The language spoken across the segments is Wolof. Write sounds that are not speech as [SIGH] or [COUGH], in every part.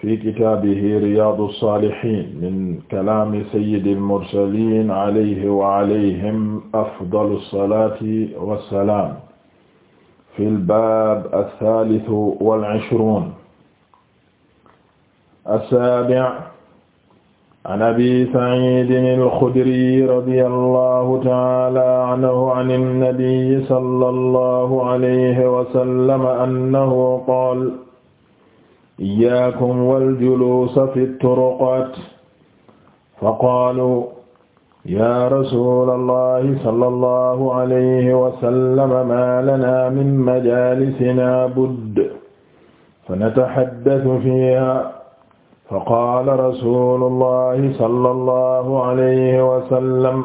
fi kitaabihi riyaadu saalihiin min kalaami sayyidil mursaliin alayhi wa alayhim afdalu salaati wa salaam fil baab as-saalisu wal ishruun as-saabi' an abii sa'iidin al-xudrii radiyallaahu ta'aalaa anhu an an-nabiyyi sallallahu alayhi wa sallam annahu qaala iyyaakum wal juluusa fi turuqaat fa qaalu yaa rasuulallahi sallallahu alayhi wa sallam maa lanaa min majaalisinaa budd fanatahaddasu fiihaa fa qaala rasuulullahi sallallahu alayhi wa sallam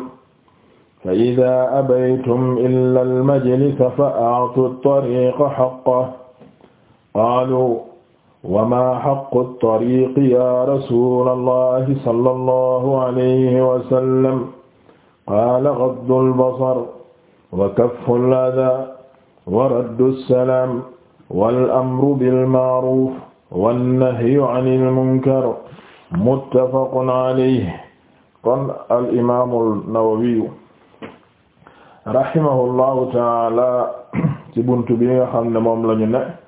فإذا أبيتم إلا المجلس فأعطوا الطريق حقه قالوا wama xaqu tariqi ya rasula allahi sala allahu alayhi wasallam qaala gaddu albasar wa kafu alada wa raddu alsalaam walamru bilmaaruf wannahyu an almunkar muttafaqun alayhi kon alimamu alnawawiyu rahimahu llahu taala ci bunt bi nga xam ne moom lañu ne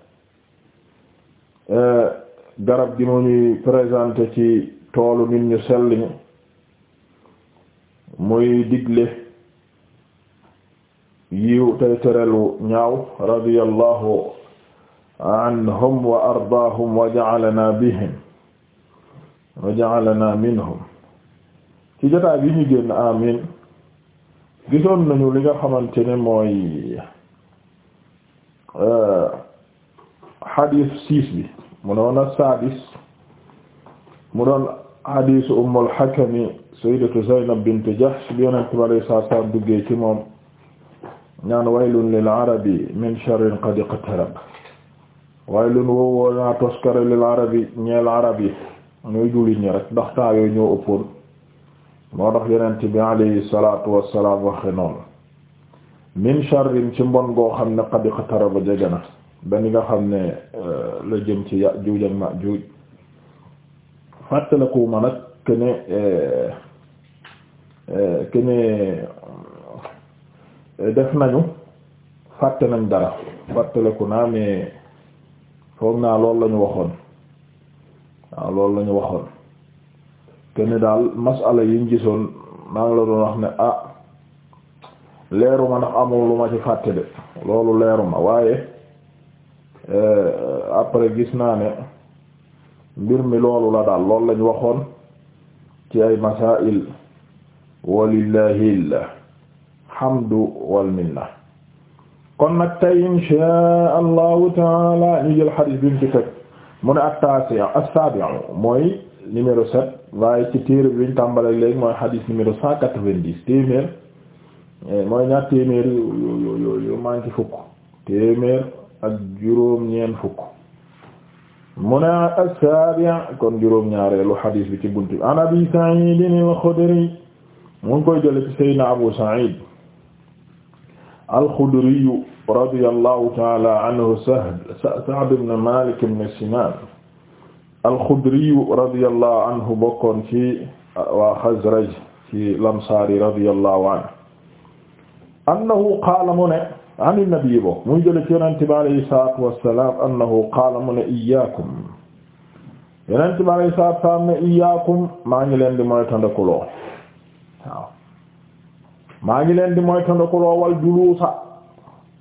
garab gi mu ñuy présenté ci toolu nit ñu sell ñi muy digle yiw tey terelu ñaaw radiyallahu anhum wa ardaahum wa ja'alana bihim wa ja'alana minhum ci jotaay bi ñu génn amin gisoon nañu li nga xamante ne mooy euh, xadiis six bi mu doon as-sadis mu doon xadiisu Ummul Hakami sayyidatu Zaynab bint Jahsh bi Yonent bi alayhi salaatu salaam duggee ci moom ñaan waylun lil arabi min sharrin qad iqtarab waylun woowoo naa toskare lil arabi ñeel arab yi ñooy jullit ñi rek ndax taa yooyu ñoo ëppoon moo tax Yonent bi alayhi salaatu wassalaam waxe noonu min sharrin ci mbon goo xam ne qad iqtaraba jege na ba ni nga xam ne euh, la jëm ci Yaajuuj ak Maajuuj fàttaliku ma nag que ne euh, euh, que ne def nañu fàtte nañ dara fàttaliku naa mais foog naa loolu la ñu waxoon waaw loolu lañu waxoon que ne daal masala yi ñu gisoon maa la doon wax ne ah leeruma ndax amul lu ma ci fàtte de loolu leeruma waaye. Euh, après gis naa ne mbir mi loolu la daal loolu lañ waxoon ci ay masail walillahil hamdu wal minna kon nag tey insha allahu taala ñu jël xadis bi mu ci teg mu ne at-taasi' as-sabi'u mooy numéro sept waaye ci téere bi ñu tàmbalee mooy xadis numéro cent quatre-vingt-dix téeméer eh, mooy ñaar téeméer yu yu yu yu manqué fukk téeméer ak juróom-ñeent fukk mu ne as-sabi' kon juróom-ñaareelu xadiis bi ci bunt bi an Abi Sa'id al-Khudri mu ngi koy jële ci Seydina Abu Sa'id al-Khudri radiyallahu ta'ala anhu Sa'd ibn Malik ibn Sinan al-Khudri radiyallahu anhu bokkoon ci waa Xazraj ci Lamsaari radiyallahu anhu annahu qaala mu ne an nabi bo muy jële ci yonente bi alayhi salatu wassalam annahu qaala mu ne iyaakum yonente bi alayhi salatu wassalam ne iyaakum maa ngi leen di mooy tandakuloo waaw maa ngi leen di mooy tandakuloo wal juluusa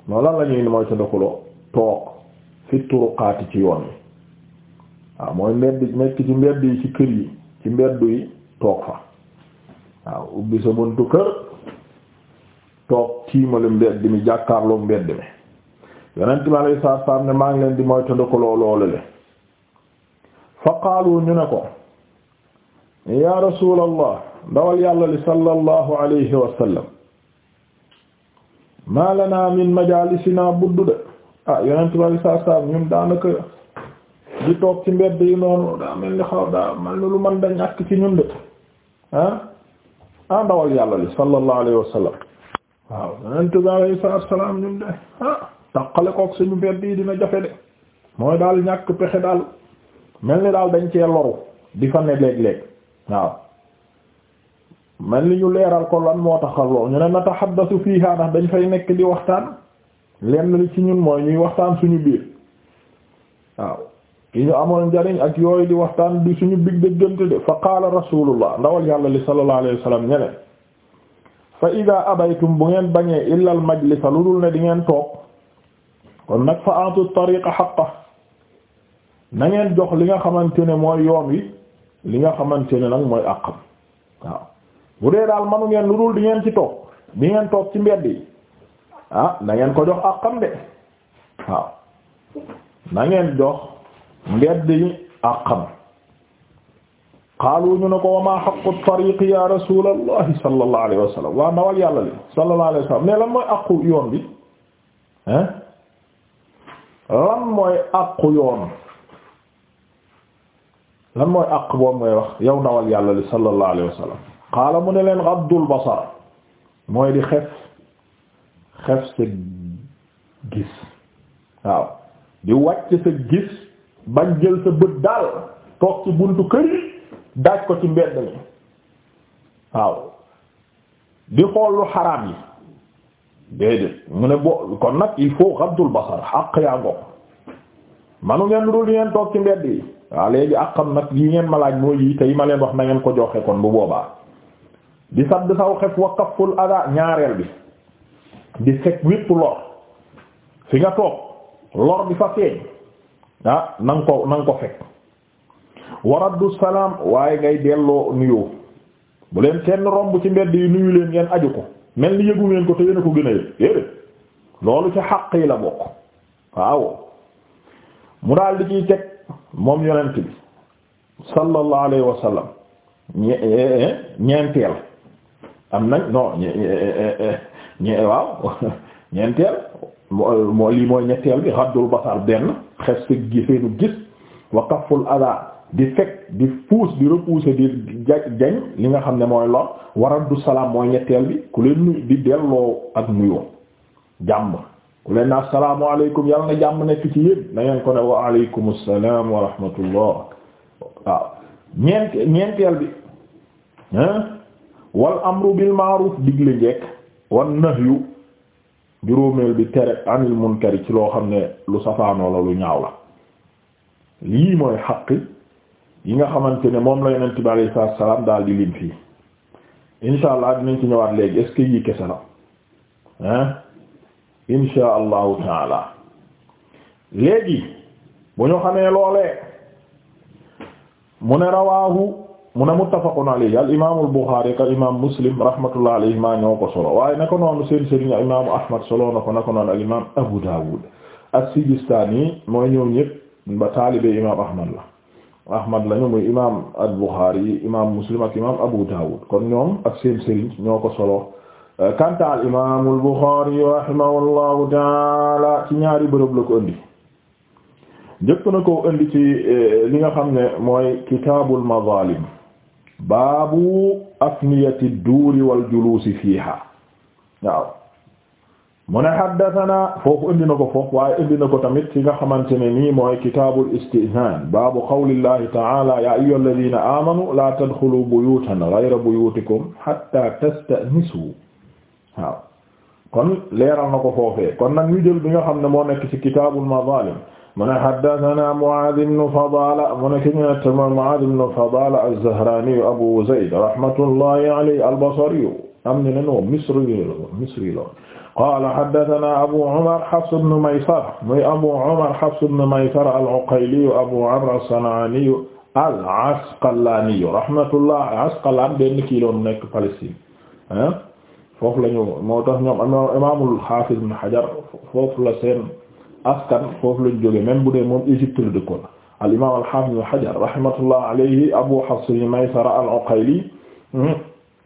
noonu la ñuy di mooy tandakuloo toog fi turuqaati ci yoon yi waaw mooy mbedd nekk ci mbedd yi ci kër yi ci mbedd toog fa waaw ubbi sa buntu kër toog tiimale mbedd mi jàkkaarloo mbedd mi yonent mi alayhi salaatu salaam ne maa leen di moytandiku loolu le fa qaalu ñu ne ko ya rasuulallah dawal yàlla li sallallahu alayhi wa sallam maa lanaa min majaalisinaa buddu de ah yonent mi alayhi salaam ñun daanaka di toog ci mbedd yi noonu daa mel ni xaw daa mel ni lu man da ñàkk ci ñun de ah ah yàlla li sallallahu alayhi wa waaw yonent bi salaam ñun de ah taqale koog suñu mbedd yi dina jafe de mooy daal ñàkk pexe daal mel ni daal dañ cee loru di fa ne léeg-léeg waaw mel ni ñu leeral ko lan moo tax lool ñu ne na tahaddasu fiihaa ndax dañ fay nekk di waxtaan lenn li ci ñun mooy ñuy waxtaan suñu biir waaw yi ñu amoon njariñ ak yooyu di waxtaan di suñu big dëggante de fa qaala rasulullah ndawal yàlla li sallallahu alayhi wa ñeneen fa ida abaytum bu ngeen bañee illa al majlisa lu dul ne di ngeen toog kon nag fa atu tariqa xaqa na ngeen jox li nga xamante ne mooy yoon wi li nga xamante ne nag mooy àqam waaw bu dee daal manu ngeen lu dul di ngeen ci toog di ngeen toog ci mbedd yi ah na ngeen ko jox àqam de waaw na ngeen jox mbedd yi àqam qaalu ñu ne ko wa maa haqqu tariqi ya rasulallahi sallallahu alayhi wa sallam yàlla li sallallahu alayhi wa sallam lan mooy àqu yoon bi hein lan mooy àqu yoon lan mooy àq boobu ngay wax yow ndawal yàlla li sallallahu mu ne leen ghaddul basar mooy di xef xef sa gis waaw di wàcc sa gis bañ jël sa bët toog ci buntu kër daaj ko ci mbedd mi waaw di xool lu xaraam yi déedéet mu ne bo kon nag il faut xabdul basar àq yaa ngoog manu ngeen lu dul ngeen toog ci mbedd yi waaw léegi àqam nag yi ngeen ma laaj mooy yi tey ma leen wax na ngeen ko joxe kon bu boobaa di sadd saw xef wa kaful ada ñaareel bi di fekk wépp lor fi nga toog lor bi fa feeñ ah na ko na ko fekk wa raddu salaam waaye ngay delloo nuyoo bu leen kenn romb ci mbedd yi nuyu leen ngeen aju ko mel ni yëgu ngeen ko te yéen ko gën a yëg loolu ci xàq yi la bokk waaw mu daal di ciy teg moom yonent bi sallallahu alayhi wa sallam eh, eh, eh, ñeenteel am nañ non ñe waaw [LAUGHS] ñeenteel moo lii mooy ñetteel bi raddul basar benn xes sa gis wa kaful ada di fekk di puus di repousser di ja jañ li nga xam ne mooy lor waraddu salaam mooy ñetteel bi ku leen nuyu di delloo ak nuyoo jàmm ku leen na asalaamaaleykum yàlla na jàmm nekk ci yéen na ko ne wa aleykum salaam wa rahmatullah waaw ñeenteel bi wal amru bil ma'ruf digle njekk wan nahyu juróomeel bi tere anil munkari ci loo xam ne lu safaanoo la lu ñaaw la lii mooy xaqi yi nga xamante ne moom la yonent bi alayhi salaam daal di lim fii insha allah dinañ ci ñëwaat léegi est-ce que yii kese la hein insha allahu taala léegi bu ñu xamee loolee mu ne rawaahu mu ne muttafaqun alayhi al imaamul buxaari ak imaam muslim rahmatullah alayhi maa ñoo ko solo waaye naka noonu seen sëriñ al imaamu ahmad solo na ko noonu al imaam abu daawud as-sijistaani mooy ñoom ñëpp ba taalibe imaam ahmad la. ahmad lañu muy imam al-Bukhari imam Muslim ak imam Abu Dawud kon ñoom ak seen sëriñ ñoo ko solo kanta al imam al-Bukhari rahimahullahu taala ci ñaari bërëb la ko indi njëkk na ko indi ci eh, li nga xam ne mooy kitaabul mazalim baabu afniyati duuri wal juluusi fiiha waaw mu ne haddathana foofu indi na ko foofu waaye indi na ko tamit ci nga xamante ne nii mooy kitaabul istizaan baabu qawlillahi ta'ala ya ayyuhal ladina amanu la tadxulu buyutan ghayra buyutikum hatta tasta'nisu waaw kon leeral na ko foofee kon nag ñu jël bi nga xam ne moo nekk ci kitaabul mazaalim mu ne haddathana Mu'aaz ibn Fadaala mu ne ki ñu nette moo Mu'aaz ibn Fadaala az-Zahraani Abu Zayd rahmatullahi alayhi al-Basri am ne nen woom Misri loon Misri loon qaala haddasanaa abu umar hafs ibn maysar muy abu umar hafs ibn maysar al-uqayli abu amr as-san'aani al-asqalaani rahmatullah asqalaan benn kilo nekk Palestine ah, foofu la ñu moo tax ñoom imaamul haafiz ibn hajar foofu la seen askan foofu la ñu jógee même bu dee moom Égypte la dëkkoon al imaam al haafiz ibn hajar rahmatullah alayhi abu hafs ibn maysar al-uqayli hmm,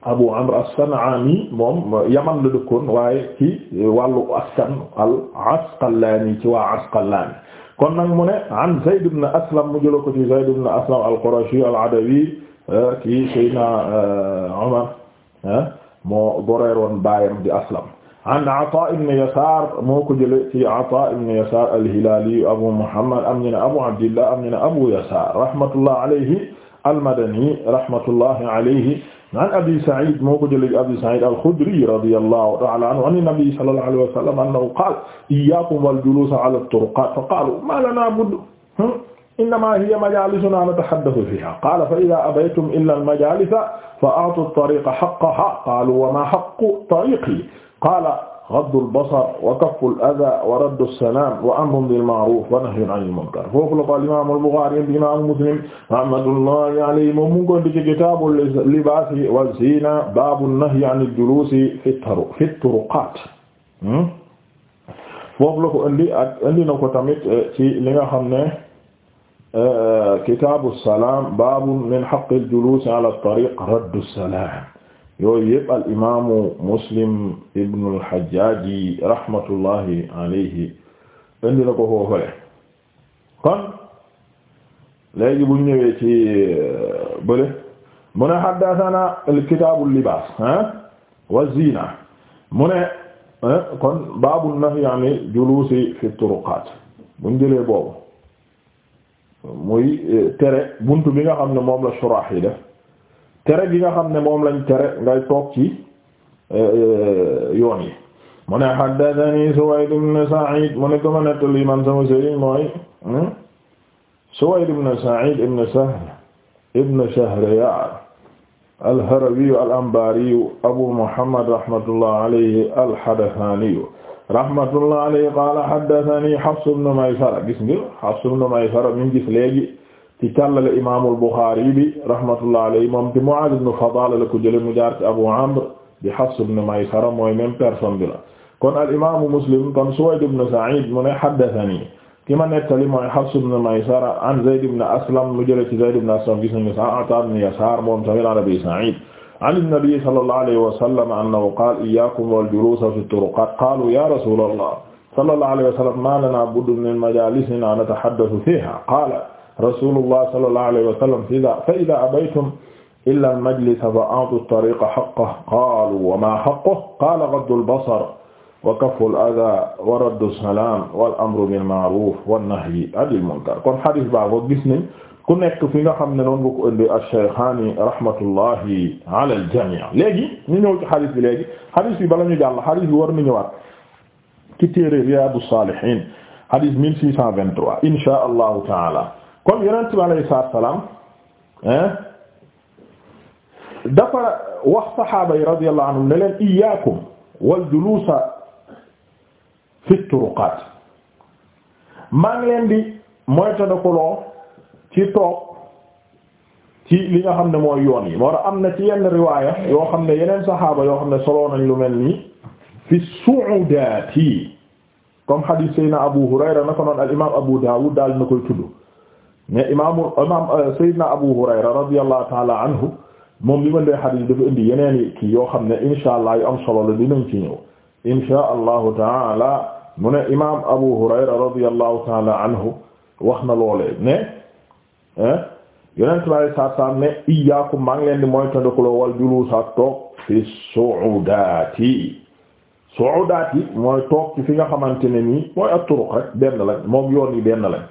Abu Amr as-San'aani moom Yaman la dëkkoon waaye ci wàllu askan al-Asqalaani ci waa Asqalaani kon nag mu ne an Zayd ibn Aslam mu jëloon ko ci Zayd ibn Aslam al-Qurashi al-Adawi ci eh, Seydina Umar eh, eh, moo goreeroon baayam di Aslam an Ataa ibn Yasaar moo ko jëlee ci Ataa ibn Yasaar al-Hilaali Abu Muhammad am ñu ne Abu Abdillah am ñu ne Abu Yasaar rahmatullah alayhi al-Madani rahmatullah alayhi an abi Saïd moo ko jëlee abi Saïd al-Khudri radiyallahu ta'ala anhu an an-nabi sallallahu alayhi wa sallam annahu qala iyyakum wal julus ala at-turqat fa qalu ma lana budd hmm? innama hiya majalisuna natahaddathu fiha qala fa idha abaytum illa al-majalisa fa a'tu at-tariqa haqqaha qalu wa ma haqqu tariqi qala ghaddul basar wa kafful adhaa wa raddus salaam wa amrun bil ma'ruuf wa nahyun anil munkar foofu la ko al imaam al Buxaari di imaam Muslim rahmatullahi alayhi moom mu ngi koy ci kitaabul libaas wa ziina baabun nahyi anil juluusi fit turuqaat hmm? foofu la ko indi ak indi na ko tamit eh, ci li nga xam ne eh, kitaabus salaam baabun min haqqil juluusi ala tariiq raddus salaam yooyu yëpp al imaamu muslim ibnu al-Hajjaaji rahmatullahi alayhi indi na ko foofale kon léegi bu ñëwee ci euh, bële mu ne haddathana kitaabu libaas ah wa ziina mu ne eh, kon baabu nahyi an juluusi fi turuqaat buñ jëlee boobu muy eh, tere buntu bi nga xam ne moom la shuraax yi def. tere gi nga xam ne moom lañ tere ngay toog ci euh, yoon yi mu ne haddathani Suwayd ibn Sa'id mu ne ko ma nettali man sama hmm? Abu Muhammad rahmatullah alayhi al rahmatullah alayhi qala haddathani Hafs ibn Maysara gis Hafs ibn Maysara min gis léegi ci càllale imaamul Buxaari bi rahmatullah alayhi moom ci Muaaz ibn Fadaala la ko jële mu jaar ci Abu Amr di Hafs ibn Maysara mooy même personne bi la kon al imaamu Muslim kon Suwayd ibn Sa'iid mu ne haddathanii ki ma nettali mooy Hafs ibn Maysara an Zayd ibn Aslam mu jële ci Zayd ibn Aslam gis nañu sa Ataa ibn Yasaar moom tamit an Abi Sa'iid an an-Nabii sallallahu alayhi wa sallam annahu qaala iyyaakum wal juluusa fi turuqaat qaaluu yaa rasuulallah sallallahu alayhi wa sallam maa lanaa budda min majaalisinaa natahaddathu fiihaa qaala rasulullah sallallahu alayhi wa sallam fa ida abaytum illa al-majlisa fa a'tu at-tariqa haqqahu qalu wa ma haqquhu qala ghaddu al-basar wa kaffu al-adha wa raddu as-salam wal amru bil ma'ruf wan nahyi anil munkar kon hadis baa ko gis nañ ku nekk fi nga xam ne noonu nga ko indi ash-shaykhani rahmatullahi ala al-jami' léegi ñu ñëw ci hadis bi léegi hadis bi bala ñu jàll hadis bi war na ñëwaat ci téere Riyadus Salihin hadis 1623 insha Allahu ta'ala kon yonent bi alayhi salaatu salaam dafa wax saxaaba yi radiyallahu anhum ne leen iyyaakum wal juluusa fi turuqaat maa ngi leen di moytandikuloo ci toog ci li nga xam ne mooy yoon yi moo tax am na ci yenn riwaaya yoo xam ne yeneen saxaaba yoo xam ne soloo nañ lu mel nii fi su'udaati comme xadiis Seydina Abu Hurayra na ko noon al imaam Abu Daawud daal na koy tudd mais imaamu imaam euh, Seydina Abu Hurayra radiyallahu taala anhu moom li ma dee xadiis dafa indi yeneen i kii yoo xam ne insha allah am solo la dinañ ci ñëw insha allahu taala mu ne imaam Abu Hurayra radiyallahu taala anhu wax na loolee ne yeneen tubaab yi saa saa ne iyyaakum maa ngi leen di wal juluusa toog fi su'udaati su'udaati mooy toog ci fi nga xamante ne nii mooy at turuq rek benn lañ moom yoon yi benn lañ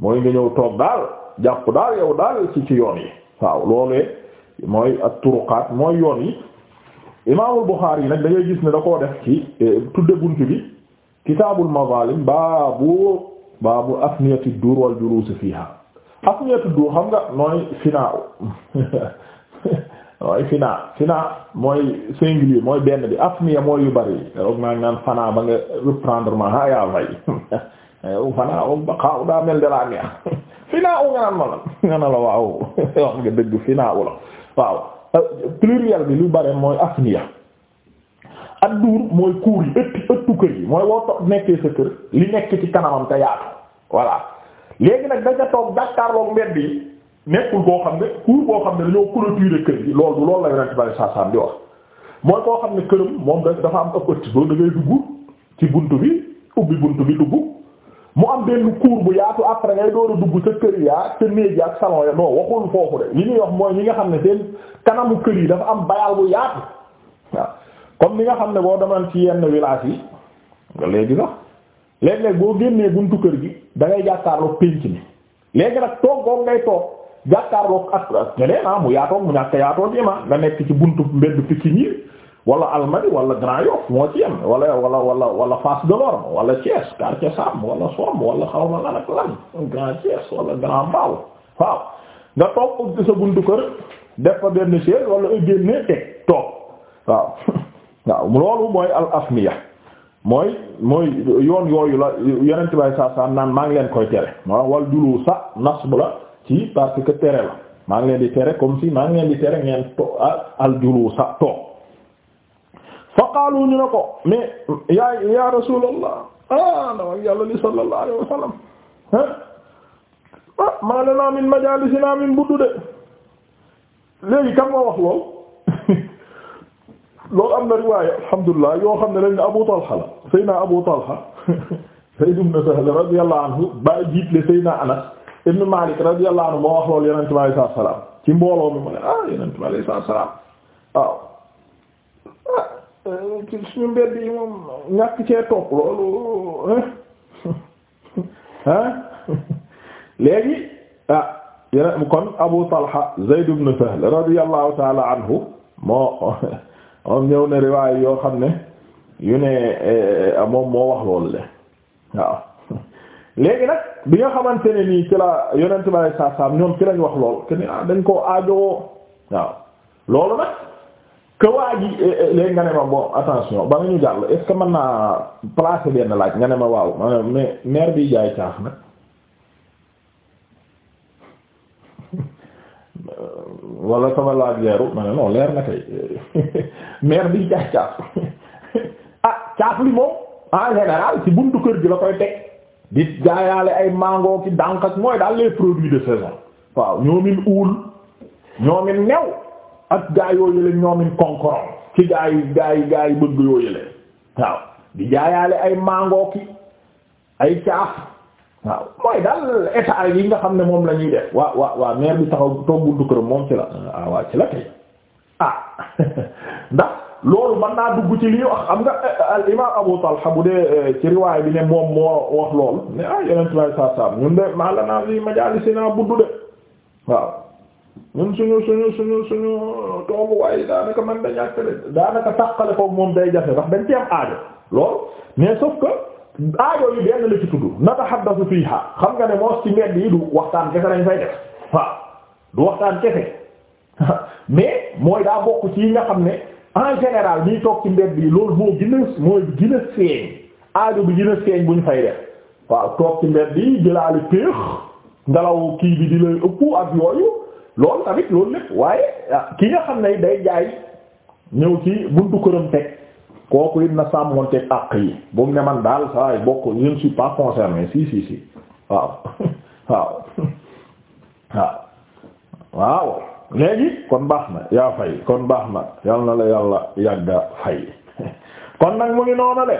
mooy nga ñëw toog daal jàpp daal yow daal ci ci yoon yi waaw loolee mooy ak mooy yoon yi imaamul Buxaari yi nag da gis ne da koo def ci eh, tudde bunt bi kitaabul mazalim baabu baabu afniyati duur wal juluus fiha afniyati duur xam nga nooy finaa [LAUGHS] mooy finaa finaa mooy singulier mooy benn bi afniya mooy yu bari roog naa naan fanaa ba nga reprendre ma ha yaa fay [LAUGHS] Eh, u fanaa u daa mel de laa neex [LAUGHS] finaa nga naan ma [LAUGHS] nga na la waaw [LAUGHS] wax nga dëgg finaa la waaw eh, pluriel bi lu bare mooy afniya adduur mooy kuur yi ëttu ëttu kër yi mooy boo nekkee sa kër li nekk ci kanamam te yaatu voilà léegi nag daca toog jàkkaarloog mbedd yi nekkul koo xam ne kuur boo xam ne dañoo clôturer kër yi loolu du la yonent bari saasaan di wax mooy koo xam ne këram moom dafa am ëpp ëtt soo da ngay dugg ci bunt bi ubbi bi dugg mu am benn cour bu yaatu après ngay door dugg sa kër yaa te néeg ya ak salon ya non waxul foofu de li ñuy wax mooy ñi nga xam ne seen kanamu kër yi dafa am bayaal bu yaatu waaw comme li nga xam ne boo demoon ci yenn village yi nga léegi sax léeg-léeg boo génnee buntu kër gi da ngay jàkkaarloo pénc mi léegi nag toog boobu ngay toog jàkkaarloo ak ñeneen ah mu yaatoo mu ñàkk yaatoo ci ma nga nekk ci buntu mbedd Pikine yi wala Almadies wala Grand Yoff moo ci yem wala wala wala wala Fass Delorme wala Thiès quartier Sam wala Somme xaw ma lan ak lan Grand Thiès wala Grand Mbao waaw nga toog ci sa buntu kër def fa benn chaise wala génne teg toog waaw [LAUGHS] waaw loolu mooy al afniya mooy mooy yoon yooyu la yeneen tubaab saa saa naan maa ngi leen koy tere ma wal julu sa nasb la ci parce que tere la maa ngi leen di tere comme si maa ngi leen di tere ngeen to ah, fa qaalu ñu ne ko mais ya ya rasulallah ah na wax yàlla li sallallahu alayhi wa sallam ah maa lana min majalisina min buddu de léegi kan moo wax lool [LAUGHS] loolu am na riwaaya alhamdulilah yoo xam ne dañ ne Abu Talha la Seydina Abu Talha [LAUGHS] Zayd ibn Sahl radiyallahu anhu ba jiitle Seydina Anas ibn Malik radiyallahu anhu moo wax loolu Yonent bi alayhi salaam ci mbooloo mi mu ne ah Yonent bi alayhi salaam waaw. ci suñu mbedd yi moom ñàkk cee topp loolu ah [LAUGHS] [LAUGHS] léegi ah yeneen kon Abu Talha Zayd ibn Sahl radiyallahu ta'ala anhu moo [LAUGHS] moom ñëw na riwaay yoo xam ne yu ne eh, moom moo wax loolu le waaw léegi nag bi nga xamante ne nii ci la yonent bi sallallahu alayhi wasallam ñoom ci lañ wax lool que ni ah dañ koo aajowoo waaw loolu nag. que waa eh, eh, nga ne ma bon attention ba ñu jàll est-ce que mën naa placer benn laaj nga ne ma waaw maanaam mais bi jaay caaf nag [LAUGHS] wala sama laaj leeru ma ne non leer na kay [LAUGHS] maire bi jaay caaf [LAUGHS] ah caaf li moom en général ci buntu kër gi la koy teg di jaayaale ay màngoo ki dànk ak mooy daal les produits de saison waaw ñoomin uul ñoomin new ak gaa yooyu yële ñoomin konkorom ci gaa yi gaa yi bëgg yoo yële waaw di jaayaale ay mangooki ay caaf waaw mooy daal état yi nga xam ne moom la ñuy def waa waa waa maire bi taxaw toog buntu këram moom ci la ah waa ci la kay ah [LAUGHS] ndax loolu mën naa dugg ci lii wax xam nga al imam Abu Talha eh, ci riwaay bi ne moom moo wax loolu ne ah yeneen tubaab saab saab ñun de maa la naa lii majalisina buddu de waaw. ñun suñu suñu suñu suñu tooguwaay daanaka man da ñàkk de daanaka tàqale ko moom day jafe ndax dañ ci am aajo loolu mais sauf que aajo yi benn la ci tudd natahaddasu fiiha xam nga ne moos si mbedd yi du waxtaan kese nañ fay def waaw du waxtaan kese [LAUGHS] mais mooy daa bokk ci nga xam ne en général ñuy toog ci mbedd yi loolu moo gën a mooy gën feeñ aajo bi gën feeñ buñ fay def waaw toog ci mbedd yi jëlaali péex ngelaw kii bi di lay ëpp loolu tamit loolu lépp waaye ki nga xam ne day jaay ñëw ci buntu këram teg kooku it na sàmmoon teg àq yi bu mu ne man daal saa yi bokk je ne suis pas concerné si si si waaw waaw waaw léegi kon baax na yaa fay kon baax na yal na la yàlla yàgga fay kon nag mu ngi noonu de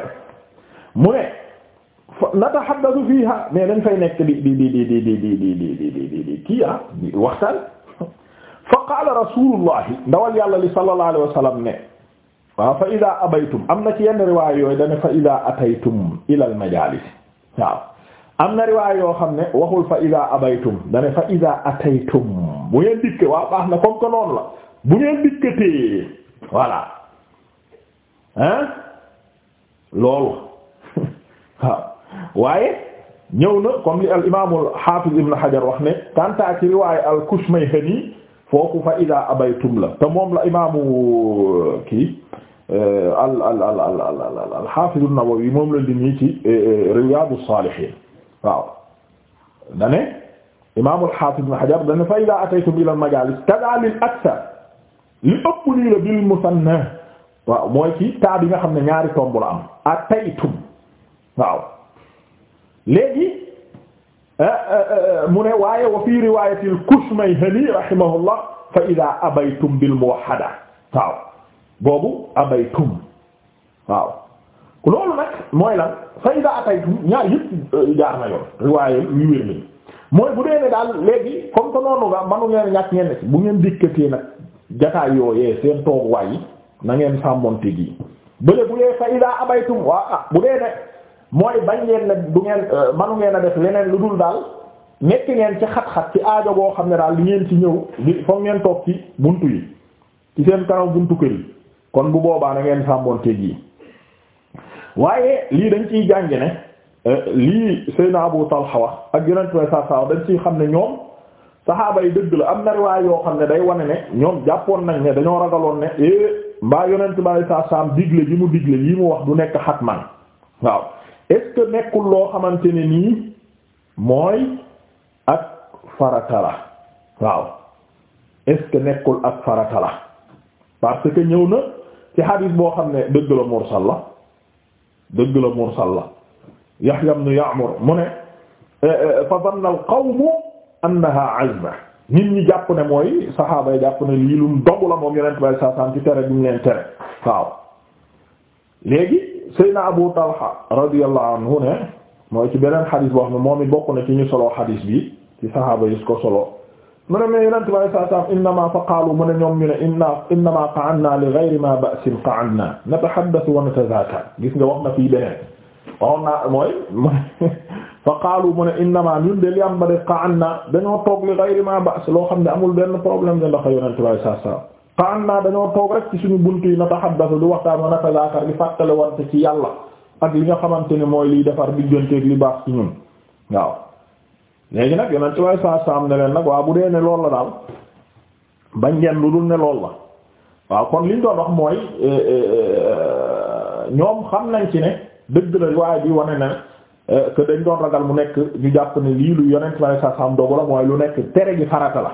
mu ne nataxaddasu fiiha mais dañ fay nekk di di di di di di di di di di di kii ah di waxtaan fa qaala rasulullahi ndawal yàlla li sallallahu alayhi wa fa ida abaytum am na ci yenn riwaay yooyu dane fa ida ataytum ila al am na riwaay yoo xam ne waxul fa ida abaytum dane fa ida ataytum bu ngeen dikke waaw baax na comme que noonu la bu ngeen dikkatee voilà hein loolu [LAUGHS] waaw waaye ñëw na comme li al imaamul hafiz ibn hajar wax ne kanta ci riwaay al kushmayhani foofu fa ida abaytum la te moom la imaamu euh, kii euh, al al al al al al hafiz an-Nawawi moom la lim yi ci euh, Riyadus Salihin waaw da ne imaamu al-hafiz Ibn Hajar da ne fa ida ataytum ila al-majalis kaza lil akthar li ëpp lii la bil musanna waaw mooy ci taa bi nga xam ne ñaari tomb la am ataytum waaw léegi mu ne waaye wa fi may Kushmayhani rahimahullah fa ida abaytum bil muwahhada waaw boobu abaytum waaw loolu nag mooy lan fa ida ataytum ñaar yëpp euh, jaar na yoon riwaayé yu wér nañ mooy bu dee ne daal léegi comme que noonu nga manu ngeen ñàkk ngeen ci bu ngeen dikkatee nag jataay yooyee seen tooguwaay yi na ngeen sàmmonte gi bële bu dee fa ida abaytum waa ah, bu dee ne mooy bañ ngeen ne du ngeen euh, manu ngeen a def leneen lu dul daal nekk ngeen ci xat-xat ci aajo boo xam ne daal li ngeen ci ñëw di foog ngeen toog ci buntu yi ci seen kanam buntu kër yi kon bu boobaa na ngeen sàmmoon teg yi waaye lii dañ ciy jànge ne euh, lii Seydina Abu Talha wax ak Yonent bi saa dañ ciy xam ne ñoom saxaaba yi dëgg la am na riwaay yoo xam ne day wane ne ñoom jàppoon nañ ne dañoo ragaloon ne eh, mbaa Yonent bi saa digle yi mu digle lii mu wax du nekk xatman waaw. est nekkul loo xamante ne nii mooy ak farata la waaw est-ce que nekkul ak farata la parce que ñëw na ci hadith boo xam ne dëgg la mursal la dëgg la mursal la Yahya ibn Ya'mur mu ne eh, eh, fa dhanna al-qawmu annaha azma nit ñi jàpp ne mooy saxaaba yi jàpp ne lii lum dogu la moom yonent bay saasan ci tere bi mu leen tere waaw léegi Seydina Abu Talha radiyallahu anhu ne mooy ci beneen xadis boo xam ne moom bokk na ci ñu solo xadis bi ci saxaaba yi ko solo mu ne mais yonent bi sallallahu alayhi wa sallam innama fa qaalu mu ne ne inna innama qa'adna gis nga wax na fii beneen waxoon naa mooy [LAUGHS] fa qaalu mu ne innama ñun de li am ba ma ba's loo xam ne amul ben problème de ndax yonent bi sallallahu xaan naa dañoo toog rek ci suñu buntu yi na taxaddasu di waxtaan wa natazakar di fàttale wante ci yàlla ak li nga xamante ne mooy liy defar digganteeg li baax ci ñun waaw léegi nag yonent ci way sa saam ne leen nag waaw dee ne lool la daal bañ ngeen lu dul ne lool la waaw kon liñ mooy eh, eh, eh, ñoom xam nañ ci ne dëgg la waaye bi wane na dañ doon ragal mu nekk ñu jàpp ne lii lu yonent saam dogu la mooy lu nekk tere gi farata la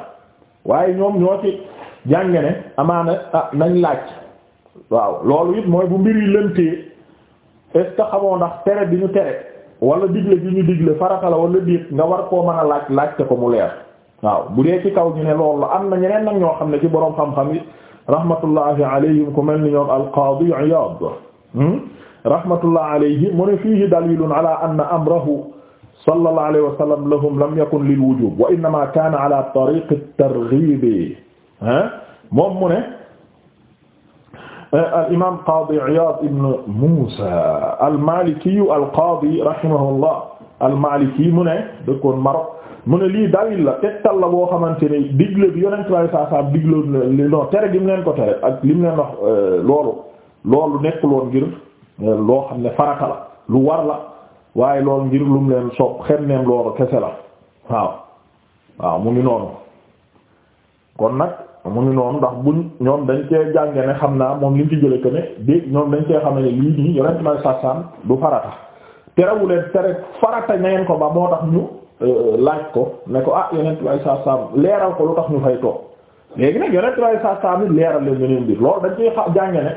waaye ñoom ñoo ci jànge ne amaana ah nañ laaj waaw loolu it mooy bu mbir yi lëntee est ce que xamoo ndax tere bi ñu tere wala digle bi ñu digle farata la wala déet nga war koo mën a laaj laajte ko mu leer waaw bu dee ci kaw ñu ne la am na ñeneen nag ñoo xam ne ci boroom xam-xam yi rahmatullahi alayhim ku mel ni ñoom al-Qaadi Iyaad hmm? rahmatullah alayhi mu ne fiihi dalilun ala anna amrahu sallallahu alayhi wa sallam lahum lam yakun lil wujub wa innama kaana ala tariq at-targhib moom mu ne euh, al imaam qaadi Iyaad ibn Muusaa al-Maaliki al-qaadi rahimahullah al-Maaliki mu ne dëkkoon Maroc mu ne lii dalil la tegtal la boo xamante ne digle bi yonent bi saa saa li non tere gi leen ko tere ak li mu leen wax euh, loolu loolu nekkuloon ngir euh, loo xam ne farata la lu war la waaye loolu ngir lu mu leen sopp xem neem loolu kese la waaw waaw mu ngi noonu kon nag mu ngi noonu ndax buñ ñoom dañ cee jànge ne xam naa moom liñ ci jële que dégg ñoom dañ cee xam ne lii nii yonent may saasaan du farata terewu leen tere farata nangeen ko ba moo tax ñu euh, laaj ko ne ko ah yonent may saasaan leeral ko lu tax ñu fay toog léegi nag yonent may saasaan it leeral leen beneen biir loolu dañ cee jànge ne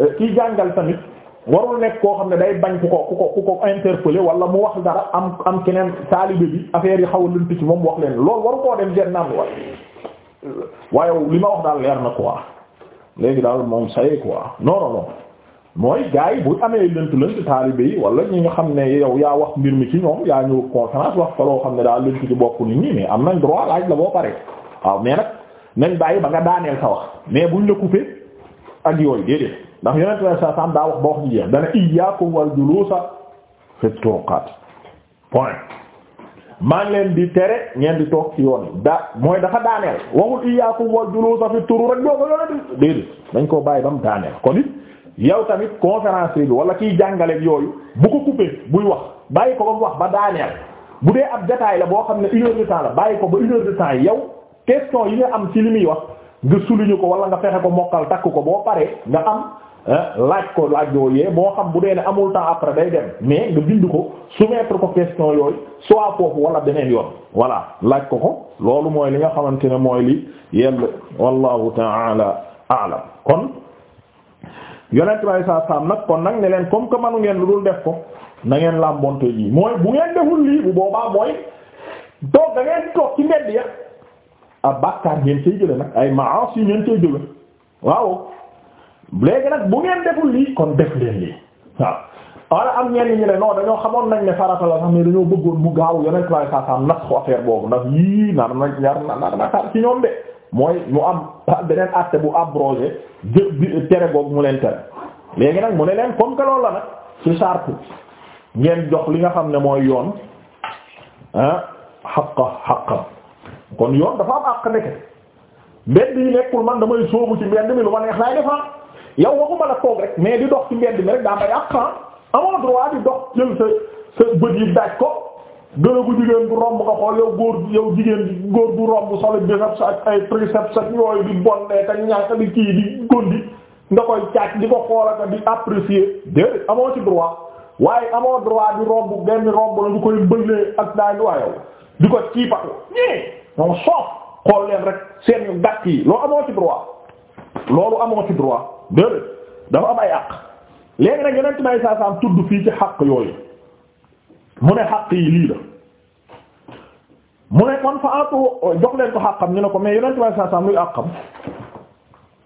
euh, kii jàngal tamit warul nekk koo xam ne day bañ ku ko ku ko ku ko interpeller wala mu wax dara am am keneen taalibe bi affaire yi xaw a lënt ci moom wax leen loolu waru koo dem jënd waaye li ma wax daal leer na quoi léegi daal moom saye quoi non mooy gars yi bu amee lënt lënt taalibe yi wala ñi nga xam ne yow yaa wax mbir mi ci ñoom yaa ñëw conférence wax fa xam ne daal lënt ci bopp nit ñi mais am nañ droit laaj la boo pare waaw mais nag nañ yi ba nga daaneel ta wax mais buñ la coupé ak yooyu déedéet ndax yeneen la sa sam daa wax ba wax ji jeex dana iyyakum wal julusa fi turuqat point maa leen di tere ngeen di toog ci yoon yi da mooy dafa daaneel waxul ko wal juluusa fi turu rek booba yoona di déedéet dañ koo bàyyi ba mu daaneel kon it yow tamit conférencier bi wala kiy jàngaleeg yooyu bu ko coupé buy wax bàyyi ko ba mu wax ba daaneel bu dee ab détail la boo xam ne une de temps la bàyyi ko ba une heure de temps yow question yi nga am ci li muy wax nga souligner ko wala nga fexe ko mokkal takk ko boo paree nga am Eh, laaj ko laaj yooyee moo xam bu dee ne amul temps après day dem mais nga bind ko soumettre ko question yooyu soit foofu wala beneen yoon voilà laaj ko ko loolu mooy li nga xamante ne mooy li yell wallahu taala aalam kon yonent bay saa saam nag kon nag ne leen comme que manu ngeen lu dul def ko na ngeen làmbonte ji mooy bu ngeen deful lii bu boobaa mooy toog da toog ci mbedd ya a ah, bàkkaar ngeen cay jële nag ay maas yi ngeen cay jële waaw léegi nag bu ngeen deful lii kon def leen lii waaw wala am ñenn ñi ne non dañoo xamoon nañ ne farata la sax mais dañoo bëggoon mu gaaw yeneen tubaab yi saa affaire boobu ndax yii nar na ñaar nar na tar ci ñoom de mooy mu am [LAUGHS] beneen acte bu abrogé jë tere boobu mu leen tere. léegi nag mu ne leen comme que loolu la nag ci charte ngeen jox li nga xam ne mooy yoon ah xaqa xaqa kon yoon dafa am àq nekk mbedd yi nekkul man damay sóobu ci mbedd mi lu ma neex laay defar. yow waxuma la toog rek mais di dox ci mbedd mi rek daa may àq ah amoo droit di dox jël sa bët yi daaj ko gën bu jigéen bu romb nga xool yow góor yow jigéen góor bu romb solo biceps ak ay triceps ak yooyu di bondé te ñaata di kii di gondi nga koy càcc di ko xool xoolaka di apprécier déedéet amoo ci droit. waaye amoo droit di romb benn romb la du koy mbëllee ak daa ngi waayow di ko ciipatu ñii ñoom soof xool leen rek seen yu gàtt yi amoo ci droit loolu amoo ci droit déedéet dafa am ay àq léegi nag may saa saam tudd fii ci xaq yooyu mu ne xaq yi lii la mu ne kon jox leen ko xaqam ñu ne ko mais yeneen may saa saam luy àqam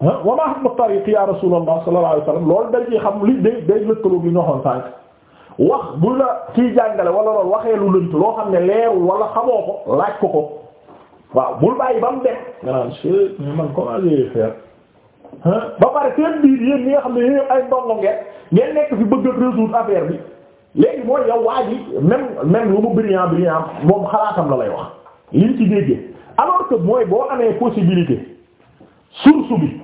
wa maa haqqu tariiq yaa rasuulallah sallallahu alayhi wa sallam xam li day day lëkkaloog li ñu waxoon sànq wax bu la kiy jàngale wala loolu waxee lu lënt loo xam ne leerul wala xamoo ko laaj ko ko waaw bul bàyyi ba mu dem nga naan man comment je vais faire ba pare seen biir yéen ñi nga xam ne yéen ay ndongo ngeen ngeen nekk fi bëgg a résoudre affaire bi léegi mooy yow waa ji même même lu mu brillant brillant moom xalaatam la lay wax liñ ci déggee alors que mooy boo amee possibilité source bi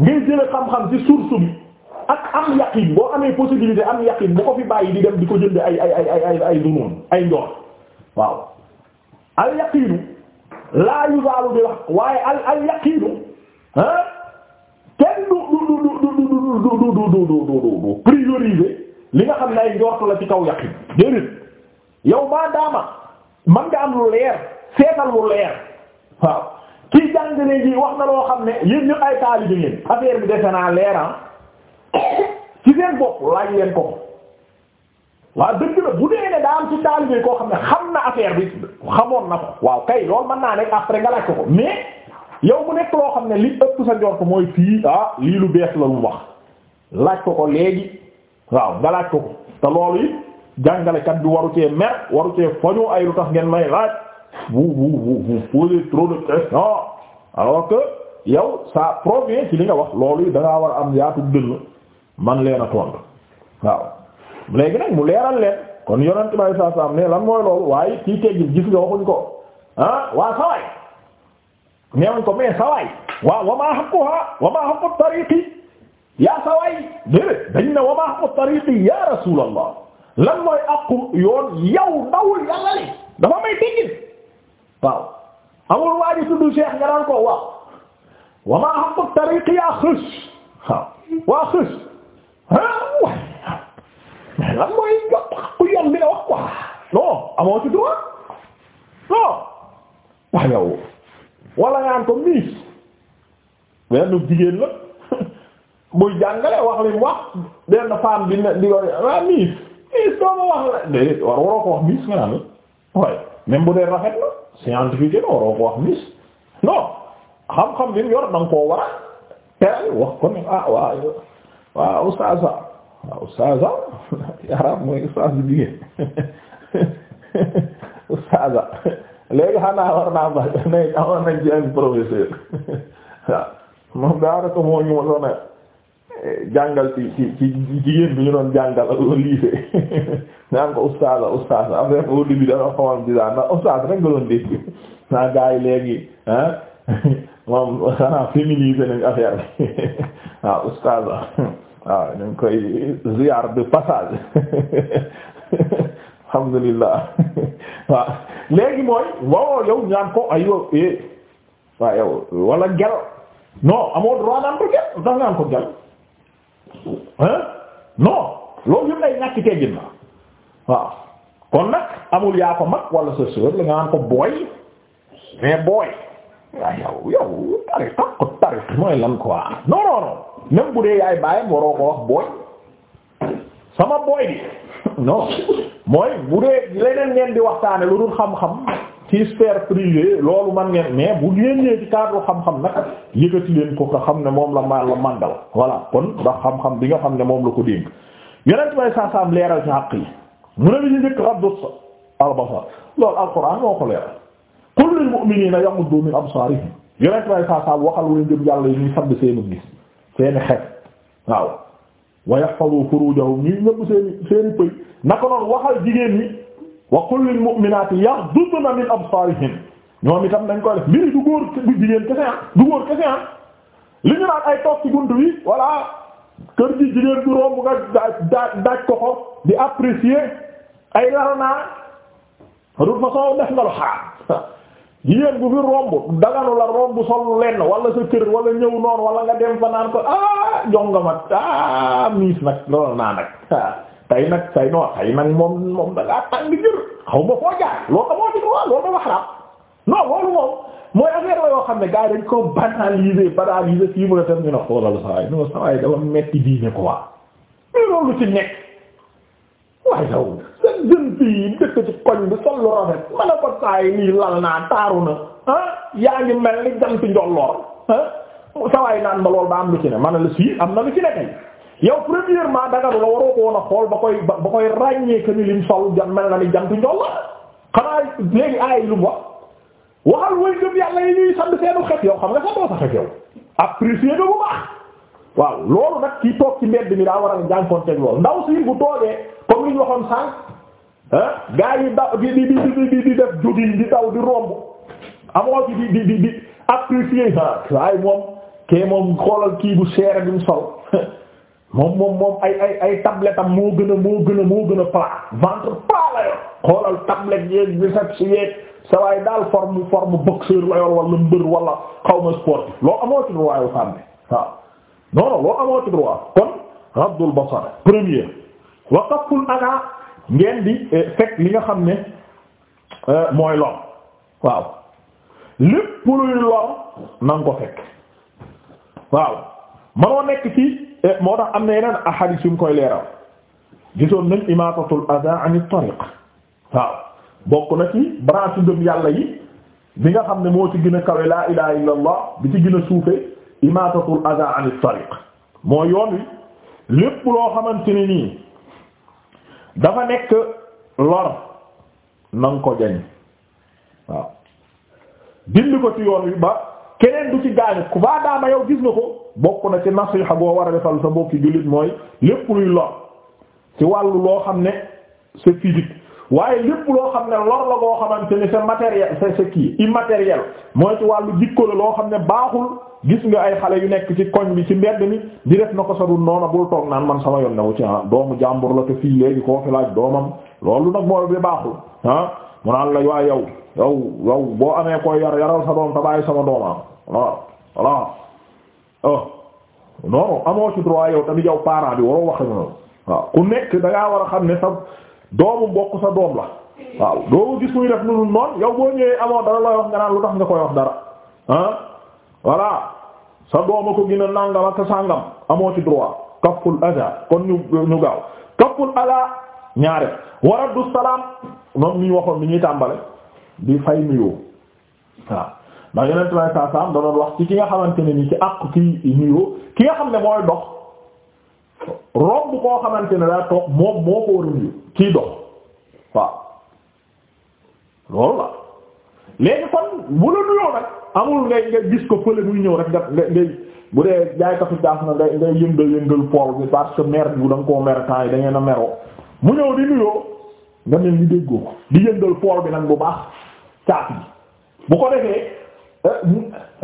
ngay jële xam-xam ci source bi ak am yaqin boo amee possibilité am yaqin bu ko fi bàyyi di dem di ko jënd ay ay ay ay ay ay dunoon ay njoor waaw al yaqiinu laa yuzaalu bi wax waaye al al yaqiinu ah kenn du du du du du du du prioriser li nga xam ne ay njort la ci kaw yaqin déedéet yow maa daama man nga am lu leer seetal lu leer waaw kii jàngale ji wax na loo xam ne yéen ñu ay taalibe ngeen affaire bi defe naa leer ci seen bopp laaj leen ko waaw dëgg la bu dee ne daa am ci taalibe koo xam ne xam na affaire bi xamoon na ko waaw kay loolu mën naa nekk après nga laaj ko ko mais. yaw mu nekk loo xam ne li ëpp sa njort mooy fii ah lii lu bees la lu wax laaj ko ko léegi waaw nga laaj ko ko te loolu it jàngalekat bi waru cee mer waru cee foñu ay lu tax ngeen may laaj bu vous vous vous trop de questions alors que yow ça ci li nga wax loolu yi dangaa war a am yaatu dënn man leen a tontu waaw léegi nag mu leeral leen kon yonent bi sallallahu alayhi wasallam ne lan mooy loolu waaye kii teggil gis nga waxuñ ko ah waa saway neewoñ ko mais sawaay waaw wa maa haqquha wa maa haqqu tariqi yaa sawaay déedéet dañ ne wa maa haqqu tariqi ya rasulallah lan mooy aqu yoon yow dawul yàlla li dafa may déggin waaw amul waa ji tudd cheikh nga daan ko waaw wa maa haqqu tariqi yaa xës waaw waa xës ah lan mooy jot ku yoon bi la wax quoi non amoo ci droit non waaw yow wala nga am ko miis benn jigéen la muy [LAUGHS] jàngale wax lim wax benn femme bi ne di ko ah miis miis doo ma wax la war waroo ko wax nga naan la waaye même bu dee rafet la scientifique la waroo ko wax miis non xam-xam bi mu yor da nga a wax ko ne ah waaw waaw ustaasa waaw ustaasa [LAUGHS] yaram mooy ustaas jigéen [LAUGHS] ustaasa. léegi xanaa war naa ba ne [LAUGHS] amoon nañ ci un professeur [LAUGHS] waaw moom daanaka moo ñu waroon a eh, jàngal ci ci ci jigéen bi ñu doon jàngal au lycée [LAUGHS] naan ko oustaz oustaz affaire au début dafa xawoon bizarre na oustaz rek nga doon dégg naa gaa yi léegi ah moom xanaa féminisé nañ bi waaw alhamdulillah [LAUGHS] waaw léegi mooy wow yow ñaan ko ay yow eh waaw yow wala gel non amoo droit ko gel ndax naan ko gel hein non loolu yëpp lay waaw kon nag amul yaa ko mag wala sa sœur la nga ko booy mais booy waaw yow yow tariq ko mooy lan quoi non non non même bu dee yaay bàyyam waroo ko wax booy sama booy bi. [LAUGHS] non mooy bu dee leneen ngeen di waxtaane lu dul xam-xam ci sphère privée loolu man ngeen mais bu ngeen ñëwee ci cadre xam-xam nag yëkkati leen ko nga xam ne moom la ma la màndal voilà kon ndax xam-xam bi nga xam ne moom la ko dénk yeneen may saasaam leeral ci àq yi mu ne bi ñu njëkk rabdu albasar loolu alquran moo ko leeral kullul mu'minina yaghuddu min absarihim yeneen may saasaam waxal wu ñu yàlla yi ñuy sàmm seenu gis seeni xet waaw wa yahfazu furujahum ñuy nëbb seen i seen i pëy naka noonu waxal jigéen ñi wa qul lil mu'minati yaghdudna dañ koy def mbiri du góor du jigéen kese ah du góor kese ah li ñu naan ay toog ci bunt bi voilà kër gi jigéen du romb nga daaj ko ko di apprécier ay larana de toute façon def nga lu xaar jigéen bu fi romb daganu la romb sol lenn wala sa kër wala ñëw noonu wala nga dem fa ko ah jongamat ah miis nag loolu naa nag ah, tay nag tay noo tay nag moom moom da ngaa tàng jër xaw ma loolu da moo ci droit loolu dafa xaraam non loolu moom mooy affaire la yoo xam ne gars yi dañ ko banaliser banaliser fii mu ne tam ñu ne xoolal sawaay non sawaay dafa metti diine quoi mais loolu ci nekk waaye yow seen jën fii dëkk ci koñ bi sol lu rafet man a ko saay nii lal naa taaru na ah yaa ngi mel ni jant njolloor ah sawaay naan ma loolu ba am lu ci ne man a la sii am na lu ci ne kay yow premièrement dagaru la waroo ko woon a xool ba koy ba koy ràññee que ni lim sol mel na ni jant njolloor xanaa léegi aay lu mu wax waxal way gëm yàlla yi ñuy sant seenu xet yow xam nga sax doo sax ak yow apprécier bu baax waaw loolu nag kii toog ci mbedd mi daa a jànkoonte loolu ndaw comme li ñu waxoon sànq ah gars yi daw di di di di def jogging di daw di romb amoo ci di di di di apprécier ah waaye moom kee moom xoolal kii bu seere bi mu [LAUGHS] moom moom moom ay ay ay tablette am moo gën a moo gën a moo gën a plat ventre plat la yor xoolal tablette sa waay daal forme forme boxeur la yor wala mbër wala xaw ma sport loo amoo ci droit yu fànn waaw non non loo amoo ci droit kon Abdul Basar premier. wa qafful ana ngeen di eh, fekk li nga xam ne eh, mooy lor waaw lépp luy lor na ko fekk waaw manoo nekk ci eh, moo tax am na yeneen ahadis yuñ koy leeral gisoon nañ imaatatul adha an at-tariq waaw na ci branche ngëm yàlla bi nga xam ne moo ci gën a kawe laa allah bi ci gën a suufe imaatatul adha an moo yoon wi lépp loo xamante ne nii dafa nekk lor na ko jañ waaw bind ko ci yoon wi ba keneen du ci gaañu ku baa daama yow gis nga ko bokk na ci nasiha boo war a defal sa bokki jullit mooy lépp luy lor ci wàllu loo xam ne c'est physique waaye lépp loo xam ne lor la boo xamante ni c'est matériel c'est ce qui immatériel mooy ci wàllu jikko la loo xam ne baaxul gis nga ay xale yu nekk ci koñ bi ci mbedd mi di na ko sadul noona bul toog naan man sama yoon newu ci ah doomu jàmbur la ko fii léegi koo fi laaj doomam loolu nag moo bi baaxul ah mu naan la waa yow yow boo amee koy yar yaral sa doom te sama doomam voilà voilà oh non amoo ci droit yow tamit yow parent bi waroo wax noonu a xam ne doomu mbokk sa doom la waaw doomu gis muy def nunu noonu yow boo ñëwee amoo dara looy wax nga naan lu tax nga koy wax dara ah voilà sa dooma ko gën a nàngam ak sàngam amoo ci droit kafful ada kon ñu ñu gaaw kafful ada ñaare waradu salaam moom ni ñu waxoon ni ñuy tàmbale di fay nuyoo waaw ndax yeneen traité saa saam da doon wax ci ki nga xamante ne nii ci àq ki nuyoo ki nga xam ne mooy dox romb koo xamante ne daa toog moom moo ko war kii dox waaw loolu la léegi kon bu la nuyoo nag amul nga gis ko fële muy ñëw rek nga ngay bu dee jaay ko fi gaas na ngay ngay yëngal yëngal pool bi parce que mer bu da nga da ngeen a meroo ñëw di nuyoo nga mel ni di yëngal pool bi nag bu baax caaf bi bu ko defee eh,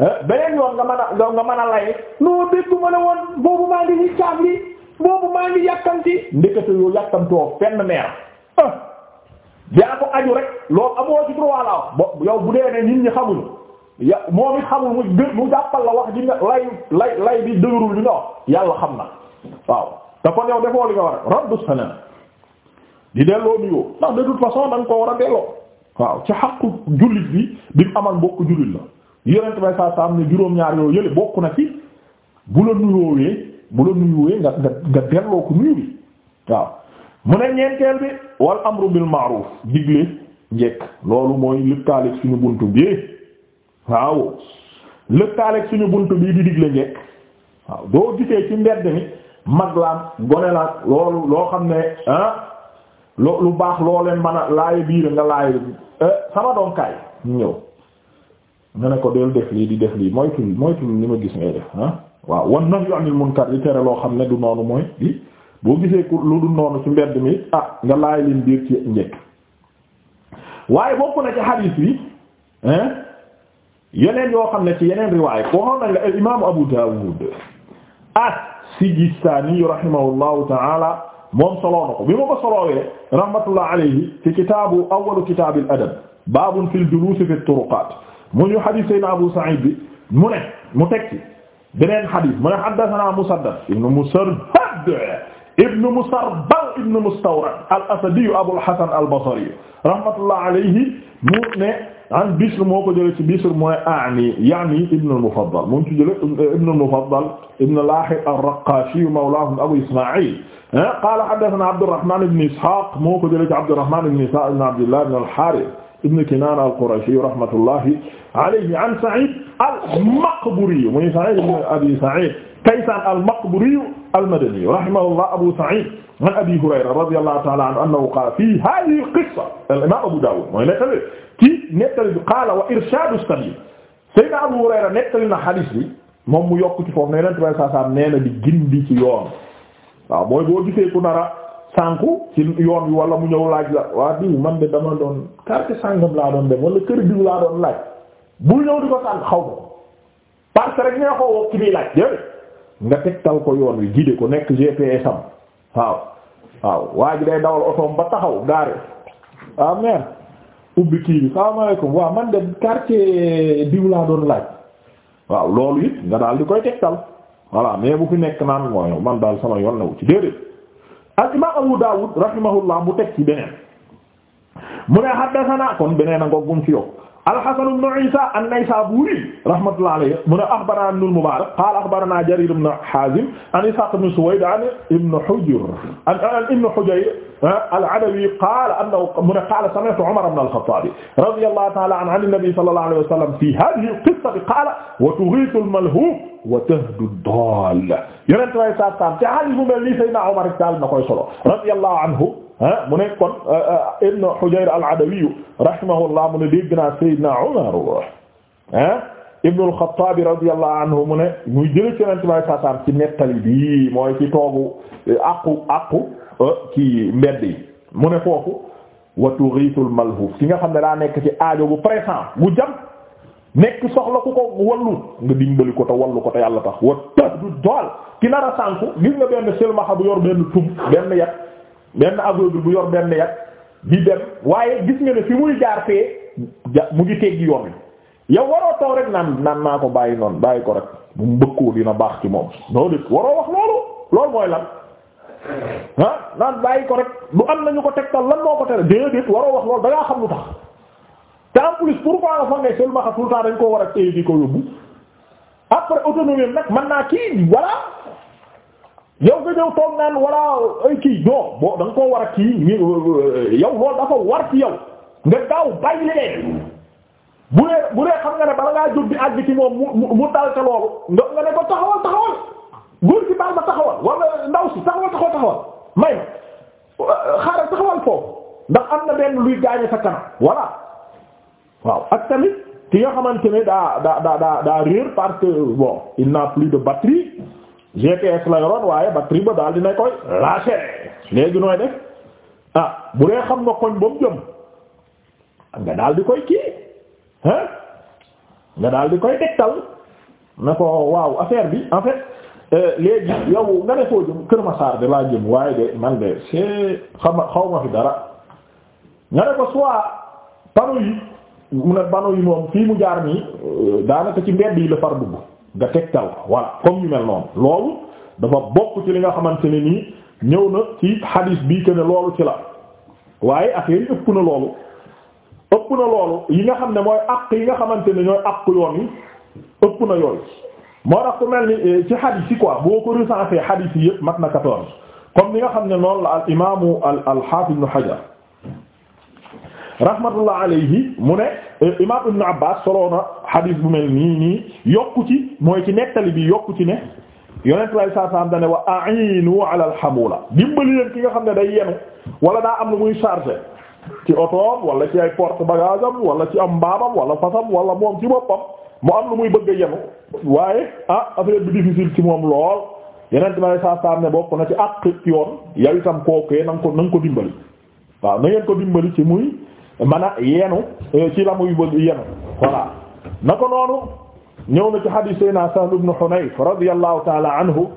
eh, beneen yoon nga mën a nga mën a laye non déggu ma ne woon boobu maa ngi ci caaf bi. boobu maa ngi yàkkamti ndekete yoo yàkkamtoo fenn meer ah yaa ko aju rek loolu amoo ci droit la bu dee ne nit ñi xamuñu ya moom wax lay lay lay bi dëgërul li nga wax yàlla xam na waaw te kon yow defoo li nga war a rabbu sana di delloo nuyoo ndax de façon da ko war a delloo waaw ci xaqu jullit bi bi mu amal bokk jullit la yonent bay saa saa am ne juróom-ñaar yoo yële bokk na ci bu la nuyoowee bu la nuyuwee nga nga nga delloo ko nuyu bi waaw mu ne ñeenteel bi wal amru bil ma'ruf digle njekk loolu mooy lëkkaaleeg suñu buntu bi suñu buntu bi di digle njekk waaw doo gisee ci mbedd mi mag laam gone laam loolu loo xam ne ah loo lu baax loo leen mën a laaj biir nga laaj eh, sama doom kaay ñu ñëw nga ne ko del def lii di def lii moytu moytu li ma gis ngay def ah. waaw wan nahyu anil munkar di tere loo xam ne du noonu mooy li boo gisee ku lu du noonu ci mbedd mi ah nga laay leen ci njëkk waaye bokk na ci hadith yi yeneen yoo xam ne ci yeneen riwaay waxoon nañ la al imaamu Abu Dawud as-Sijistani rahimahullahu ta'ala moom soloo na ko bi ma ko soloowee rahmatullah alayhi ci kitaabu awwalu kitaabil adab baabun fil juluus fi turuqaat mu ñu hadith Seydina Abu Sa'id bi mu ne mu teg beneen xadis mu ne haddathana Musaddad ibn Musarhad ibn Musarbal ibn Mustawrad al-Asadi Abul Hasan al-Basri rahmatullah alayhi mu ne an Bishr moo ko jëlee ci Bishr mooy aani yaani ibn al-Mufaddal mu ngi ci jëlee ibn al-Mufaddal ibn Lahiq ar-Raqashi mawlahum Abu Isma'il qala haddathana Abdurrahman ibn Ishaq moo ko jëlee ci Abdurrahman ibn Ishaq ibn Abdillah ibn al-Harith ibn Kinaan al-Qurashi rahmatullahi alayhi an Sa'id al-Maqburi muy Sa'id ibn Abi Sa'id Kaysan al-Maqburi al-Madani rahimahullah Abu Sa'id an Abi Hurayra radiyallahu ta'ala anhu annahu qaala fi hadhihi al-qissa al-imam Abu Dawud mooy nettali ci nettali bi qaala wa irshadu as-sabil Sayyidina Abu Hurayra nettali na hadith bi moom mu yokk ci foofu ne Yonent bi sallallahu alayhi wa sallam nee na di gindi ci yoon waaw mooy boo gisee ku nara sànku ci yoon bi wala mu ñëw laaj la waa diw man de dama doon carte sàngam laa doon dem wala kër diw laa doon laaj bul ñëw di ko sànk xaw ma ko parce que rek nee ko ki muy laaj dé nga tegtal ko yoon wi guidé ko nekk GPS am waaw waaw waa ji day dawal otoom ba taxaw gaare waaw ah, mère ubbi kii bi salaamaaleykum waaw man de quartier diw laa doon laaj waaw loolu it nga daal di koy tegtal voilà mais bu fi nekk naan mooy man daal sama yoon na wu ci déedéet a imaam Abu Dawud rahimahullah mu teg ci mu ne haddathana kon beneen a ngoog bu ci yokk al-Hasan ibn Isa an-Naysaburi rahmatullahi alayhi mu ne akhbarana Ibn al-Mubarak qala akhbarana Jarir ibn Hazim an Ishaq ibn Suwayd an Ibn Hujr an Ibn Hujayr ah, al-Adawi qala annahu mu ne qala sami'tu Umar ibn al-Khattab radiyallahu ta'ala anhu an an-nabi sallallahu alayhi wa sallam fi hadhihi al-qissa qala wa tughiithu al-malhuuf wa tahdu ad-daal yeneen i saa saa te xaalis bu mel nii Seydina Omar daal na koy solo radiyallahu anhu ah mu ne kon euh, euh, Ibn Hujayr al-Adawi rahimahullah mu ne dégg naa Seydina Umar ah Ibn al-Khattab radiyallahu anhu mu ne muy jëlee ci Yonent bi sallallahu alayhi ci nettali bi mooy ci toogu euh, àqu àqu ci mbedd yi mu ne foofu wa tughiithul malhuuf ki nga xam ne daa nekk ci aajo bu pressant bu jam nekk soxla ku ko wallu nga dimbali ko te wallu ko te yàlla tax wa tahdu daal ki nar a sànku gis nga benn silmaxa bu yor benn tub benn yat benn aveugle bu yor benn yat di dem waaye gis nga ne fi muy jaar fee ja mu ngi teg yoon wi yow waroo taw rek naan naan naa ko bàyyi noonu bàyyi ko rek bu mu bëkkoo dina baax ci moom noonu it waroo wax loolu loolu mooy lan ah naan bàyyi ko rek lu am nañu ko teg tegtal lan moo ko tere déedéet waroo wax loolu da ngaa xam lu tax te en plus pourquoi nga foog ne seulement tout le temps dañ war a téye ko yóbbu après autonomie nag mën naa kii voilà. yow nga ñëw toog naan wala ay kii non boo da nga koo war a kii yow loolu dafa war ci yow nga gaaw bàyyi leen bu dee bu dee xam nga ne bala ngaa jóg di ci moom mu mu dal te loolu nga ne ko taxawal taxawal góor gi baal ma taxawal ndaw si taxawal taxawal may ma xaaral taxawal foofu ndax am na benn luy gaañe sa kanam voilà waaw ak tamit ki nga xamante ne daa daa daa daa réer parce que bon il de batterie. GPS la yoroon waaye batterie ba daal dina koy lâché léegi nooy def ah bu dee xam nga koñ ba jëm nga daal di koy kii hein nga daal di koy tegtal na ko waaw affaire bi en fait euh, léegi yow nga ne foo jëm Kër Masar de laa jëm waaye de man de c'est xama xaw ma fi dara nga ne ko soit panneau yi mu ne panneau yi moom fii mu jaar nii euh, daanaka ci mbedd yi la far dugg. nga teg tegtal voilà comme ñu mel noonu loolu dafa bokk ci li nga xamante ne nii ñëw na ci hadis bii que ne loolu ci la waaye ak yéen ëpp na loolu ëpp na loolu yi nga xam ne mooy àq yi nga xamante ne ñooy akk yoon yi ëpp na yooyu moo tax ku mel ni eh, ci hadis yi quoi boo ko recensé hadis yi yëpp mat na 14 comme ni nga xam ne noonu la al imaamu al al hafiz ibn Hajar rahmatullah alayhi mu ne eh, imam ibnu abbas soloona hadis bu mel nii nii yokk ci mooy ci nettali bi yokk ci ne yonent lay saa saam dane wa a'inu ala alhamula dimbali leen ki nga xam ne day yenu wala daa am lu muy chargé ci otoom wala ci ay porte bagage am ci am mbaamam wala fasam wala moom ci boppam mu am lu muy bëgg a yenu waaye ah affaire bi difficile ci moom lool yonent lay saa saam ne bokk na ci àq yoon yow itam kooku na nga ko na nga ko dimbali waaw na ngeen man a yeenu euh, ci la muy bëgg yenu voilà na ko noonu ñëw na ci hadith sayna Sahl ibn Hunayf radiyallahu ta'ala anhu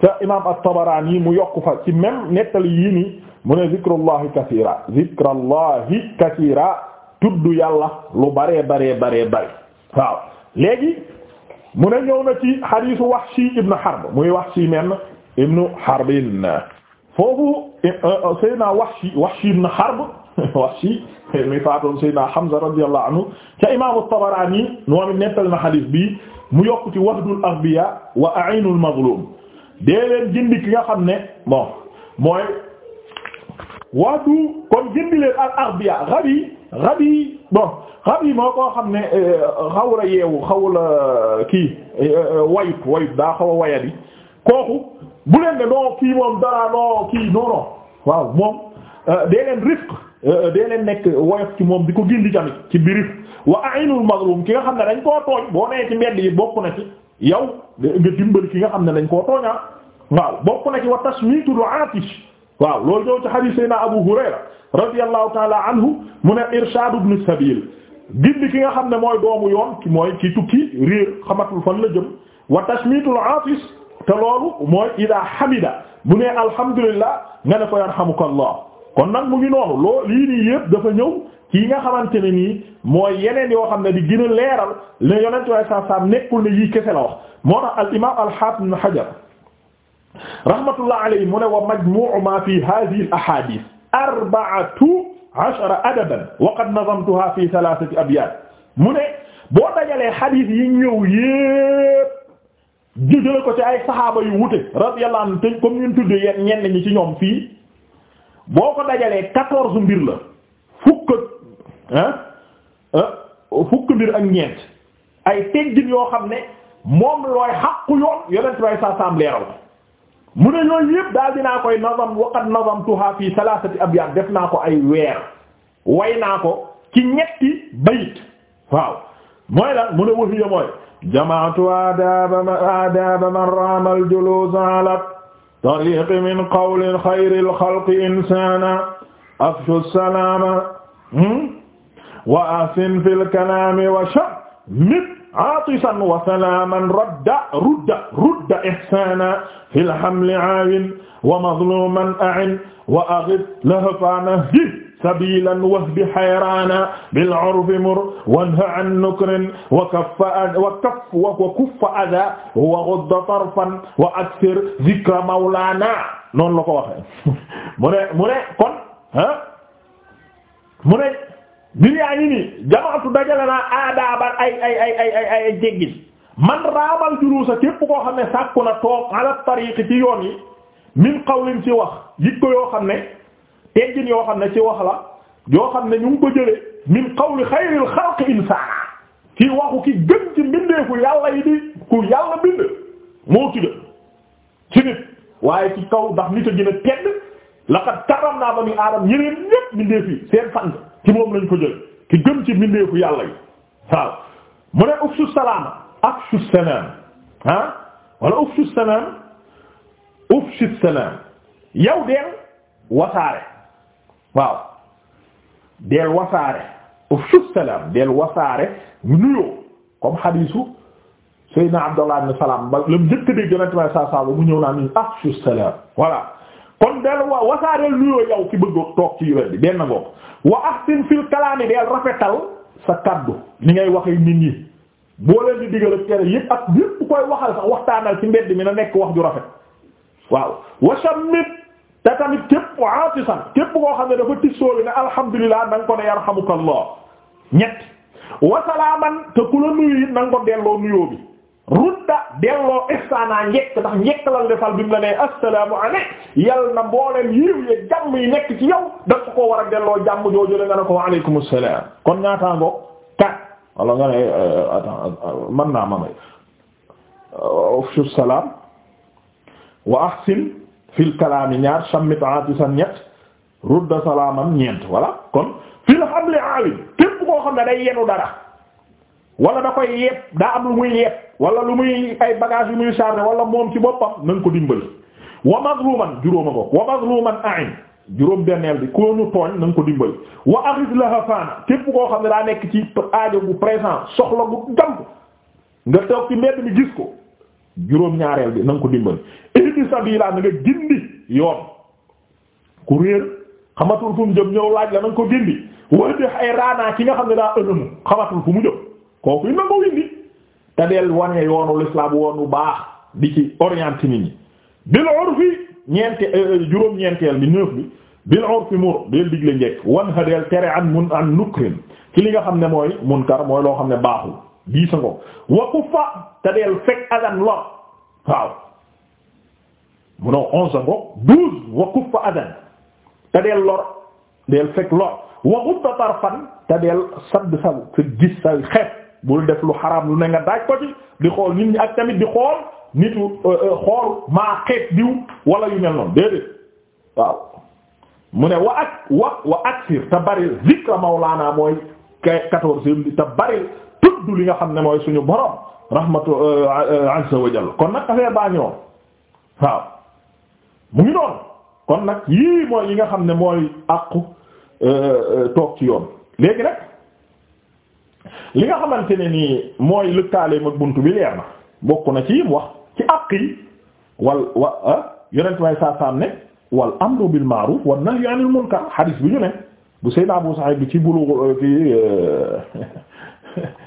te imam at-Tabarani mu yokk fa ci même nettali yii nii mu ne zikrullahi kathira tudd yàlla lu bare bare bare bare waaw léegi mu ne ñëw na ci hadithu Wahshi ibn Harb muy Wahshi men ibn Harbin foofu euh, euh, sayna Wahshi Wahshi ibn Harb [LAUGHS] Wahshi mi faatoon Seydina Hamza radiyallahu anhu ca imaamu Tabarani moom it nettali na xadiis bi mu yokk ci wahdul aghbiya wa a'inul mazlum dee leen jëndi ki nga xam ne bon mooy wahdu kon jëndi leen al aghbiya ghabi ghabi bon moo koo xam ne eh, xawra yeewu xawla eh, ki eh, wayut wayut daa xaw wayadi kooku bu leen ne noo kii moom dara noo kii non non moom dee rifq Euh, euh, dee leen nekk woyof ci moom di ko gindi tamit ci biir wa a'inul mazlum ki nga xam ne dañ ko tooñ boo nee ci mbedd yi bokk na ci yow nga dimbali ki nga xam ne dañ ko tooñaa waaw bokk na ci wa tashmitu du'atish waaw loolu ñëw ci hadith sayna Abu Hurayra radiyallahu ta'ala anhu mu ne irshad ibn sabil gindi ki nga xam ne mooy doom yoon ki mooy tukki réer xamatul fan la jëm wa tashmitul aafis te loolu mooy ida hamida bu ne alhamdulillah nga ne ko yarhamukallah kon nag mu ngi noonu loo lii nii yëpp dafa ñëw kii nga xamante ne nii moo yeneen yoo xam ne di gën a leeral le yonent waaye saa saa nekkul ne yii kese la wax moo tax al imaam al haafid ibn hajar rahmatullah alayhi mu ne wa majmu'u ma fi hadhihi al ahadith arba'atu ashara adaban wa qad nazamtuha fi thalathati abyat mu ne boo dajalee hadith yi ñëw yëpp jëjële ko ci ay saxaaba yu wute radiyallahu anhu comme ñun tudde yenn ñenn ñi ci ñoom fii boo ko dajalee quatorze mbir la fukk ah fukk mbir ak ñeent ay teggin yoo xam ne moom looy xàqu yoon yonent bay sa sam leeral ko mu ne yooyu yëpp daal dinaa koy nazam waqad nazamtuha fi thalathati abyaat def naa ko ay weer way naa ko ci ñetti bayit waaw mooy la mu ne waxiya mooy jamaatu adaba adaba man ramal julus ala tariq min qawlin xayril xalqi insaana afshu salaama hmm? wa ahsin fil kalaami wa shammit aatisan wa salaaman radda rudda rudda ihsaana fil hamli aawin wa mazluuman a'in wa aghith lahfaana hi sabilan wahdi hayraana bil urfi mur wanha an nukrin wa kaffa wa kaff wa kuffa adha wa ghudda tarfan wa akthir dhikra mawlaana noonu la ko waxee [LAUGHS] mu ne mu ne kon ah mu ne bir yaa ngi nii jamaatu dajale naa aadaaban ay ay ay ay ay ay jéggin man raamal juluusa képp koo xam ne sàkku na toog ala tariqi ci yoon yi min qawlin ci wax yit ko yoo xam ne teggin yoo xam ne ci wax la yoo xam ne ñu ngi ko jëlee min qawli xayril xalq insaana ci waxu ki gën ci mbindeeku yàlla yi di ku yàlla bind moo tudde ci nit waaye ci kaw ndax nit a gën a tedd laqad karamnaa moom lañ ko jëlee ki gën ci mbindeeku yàlla mu ne ufsu salaam afshu salaam ah wala ufsu salaam ufshu salaam yow wasaare waaw deel wasaare afshus salaam deel wasaare nuyoo comme xadiisu Seydina Abdallah ibn Salaam ba la mu njëkk dégg Yonent bi saa saa ba mu ñëw naa ni afshus salaam voilà kon deel wa wasaareel nuyoo yow ki bëgg toog ci wet bi benn ngoog wa ahsin fil kalaami deel rafetal sa kaddu ni ngay waxee nit ñi boo leen di digal ak tere yépp ak yépp koy waxal sax waxtaanal ci mbedd mi na nekk wax ju rafet waaw wasamit te tamit képp aatisan képp koo xam ne dafa tissooli ne alhamdulilah na nga ko ne yarhamukallah ñett wasalaaman te ku la nuyu na nga delloo nuyoo bi rudda delloo ihsaana njekk ndax njekk la defal bi mu la nee assalaamu alayk yal na mbooleen yiw yi jàmm yi nekk ci yow da nga ko war a delloo jàmm jooju la nga ko waaleykum salaam kon ñaataango kat wala nga euh, euh, ma may euh, afshu salaam wa ahsin fil kalaami ñaar sammit aatisan ñett rudda salaaman ñeent voilà kon fil hamli aawin képp koo xam ne day yenu dara wala da koy yeb daa am lu muy yeb wala lu muy ay bagage yu muy chargé wala moom ci boppam na nga ko dimbali wa mazluman juróoma ko wa mazluman a'in juróom benneel bi koo ñu tooñ na ko dimbali wa axis laha faana képp koo xam ne daa nekk ci aajo bu présent soxla bu damb nga toog ci mbedd mi gis ko juróom ñaareel bi na ko dimbali ihdi sabila na nga gindi yoon ku réer xamatul fu jëm ñëw laaj la na ko gindi wadi ay raanaa ki nga xam ne daa ënamu xamatul fu mu jëm kooku na nga ko gindi te deel wane yoonu l'islam woon bu baax di ci orienté nit ñi bil urfi ñeente euh, euh, juróom ñeenteel bi neuf bi bil urfi mur deel digle njekk wan ha deel tere an mun an nukrin ci li nga xam ne mooy munkar mooy loo xam ne baaxul dii sa wa kuffa te deel fekk adan lor waaw mu ne onze ngoog douze wa kuffa adan te deel lor deel fekk lor wa ghudda tarfan te deel sadd sa sa gis sa xeet bul def lu xaraam lu ne nga daaj ko ci di xool nit ñi ak tamit di xool nitu euh, euh, xool maa xeet diw wala yu mel noonu déedéet waaw mu ne wa ak wa wa aksir te baril zikra mawlaana mooy quatorze bi te baril tudd li nga xam ne mooy suñu borom rahmatu euh, azza wa jalla kon nag affaire baa ñëwoon waaw mu ngi noonu kon nag yii mooy yi nga xam ne mooy àqu euh, euh, toog ci yoon léegi nag li nga xamante ne nii mooy lëkkaale mag bunt bi leer na bokk na ci wax ci àq yi wal wa ah, yonent may saasaam ne wal amru bil ma'ruf wan nahyu anil munkar xadiis bi ñu ne bu Seydina Abu Sa'id bi ci bulu euh, ci [LAUGHS]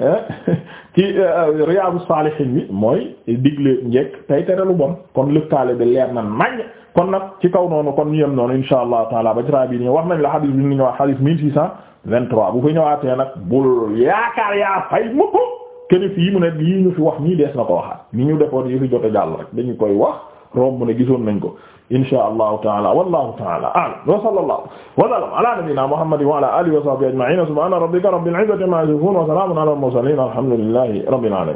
Eh? [LAUGHS] ci eh, eh, Riyadou Salihine bi mooy digle njekk tey tere lu bon kon lëkkaale bi leer na naññ kon nag ci kaw noonu kon ñu yem noonu insha allah taala ba jara bi nii wax nañ la xadis bi ñu ñu wax xadis mille six cent vingt-trois bu fa ñëwaatee nag bul yaakaar yaa fay mukk kene fii mu ne yi ñu fi wax nii dees na ko waxaat ni ñu defoon yi fi jot jàll rek dañu koy wax romb ne gisoon nañ ko insha allahu taala wallahu taala a'lam wa sallallahu wa sallam ala nabiyyina muhammadin wa ala alihi wa sahbihi ajma'in subhana rabbika rabbil izzati amma yasifun wa salamun ala al mursalin alhamdulillahi rabbil alamin